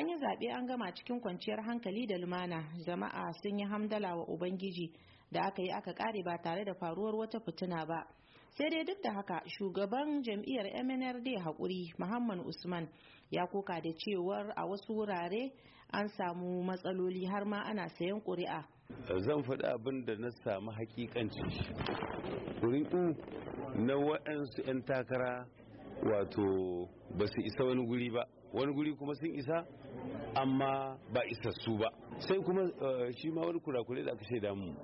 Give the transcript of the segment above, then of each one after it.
an yi zaɓe an gama cikin kwanciyar hankali da lumana jama'a sun yi hamdala wa ubangiji da aka yi aka ƙare ba tare da faruwar wata fitina ba sai dai duk da haka shugaban jam'iyyar mnrd haƙuri muhammad usman ya koka da cewar a wasu wurare an samu matsaloli har ma ana sayan ƙuri'a zan faɗi abin da na samu hakikanci ƙuri'u na waɗansu 'yan takara wato ba su isa wani guri ba wani guri kuma sun isa amma ba isassu ba sai kuma eh, shi ma wani kurakure da aka shaida mu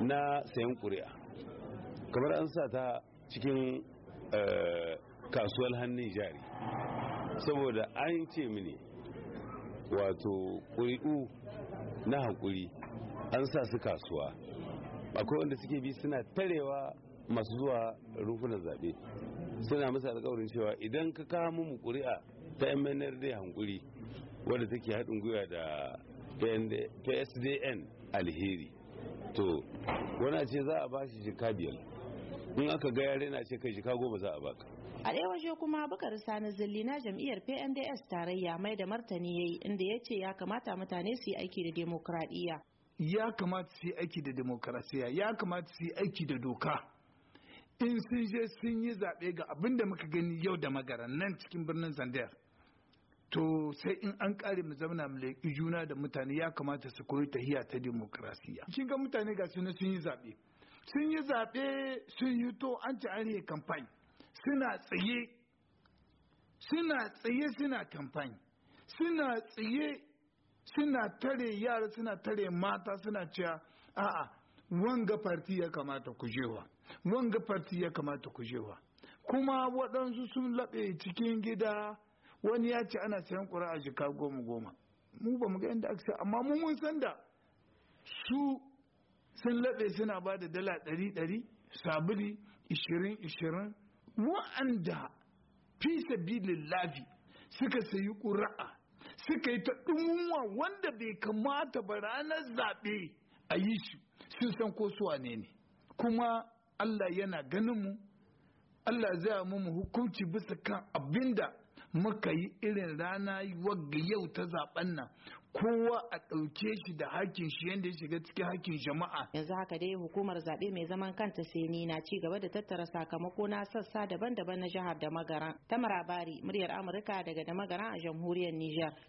na sayan kuri'a kamar an sa ta cikin eh, kasuwar hannun jari saboda an ce mini wato kuri'u na hakuri an sa su kasuwa akwai wanda suke bi suna tarewa masu zuwa rufunan zaɓe suna masa alkawarin cewa idan ka kawo mu ƙuri'a ta MNRD hankuri wadda take haɗin gwiwa da PSDN alheri to wana ce za a bashi jika biyar in aka ga yare na ce kai jika goma za a baka a ɗaya waje kuma bakar sani zilli na jam'iyyar pnds tarayya mai da martani ya yi inda ya ce ya kamata mutane su yi aiki da demokradiyya ya kamata su yi aiki da demokrasiya ya kamata su yi aiki da doka in sun je sun yi zaɓe ga abin da muka gani yau da magara nan cikin birnin zandar to sai in an kare mu zamana mu leƙi juna da mutane ya kamata su koyi tahiya ta demokrasiya cikin ga mutane ga suna sun yi zaɓe sun yi zaɓe sun yi to an ci an yi kamfani suna tsaye suna tsaye suna kamfani suna tsaye suna tare yara suna tare mata suna cewa a'a wanga farti ya kamata ku jewa wanga farti ya kamata ku jewa kuma waɗansu sun laɓe cikin gida wani ya ce ana sayan a jika goma goma mu ba mu ga yadda aka amma mu mun san da su sun laɓe suna ba da dala ɗari ɗari sabili ishirin ishirin wa'anda fi sabilin lafi suka sayi ƙura'a suka yi ta ɗumwa wanda bai kamata ba ranar zaɓe a yi shi sun san ko su wane ne kuma Allah yana ganin mu Allah zai mu hukunci bisa kan abinda muka yi irin rana wagga yau ta zaben nan kowa a ɗauke shi da hakin shi yadda ya shiga cikin hakin jama'a yanzu haka dai hukumar zaɓe mai zaman kanta seni na ci gaba da tattara sakamako na sassa daban-daban na jihar da magaran ta marabari muryar amurka daga da magaran a jamhuriyar niger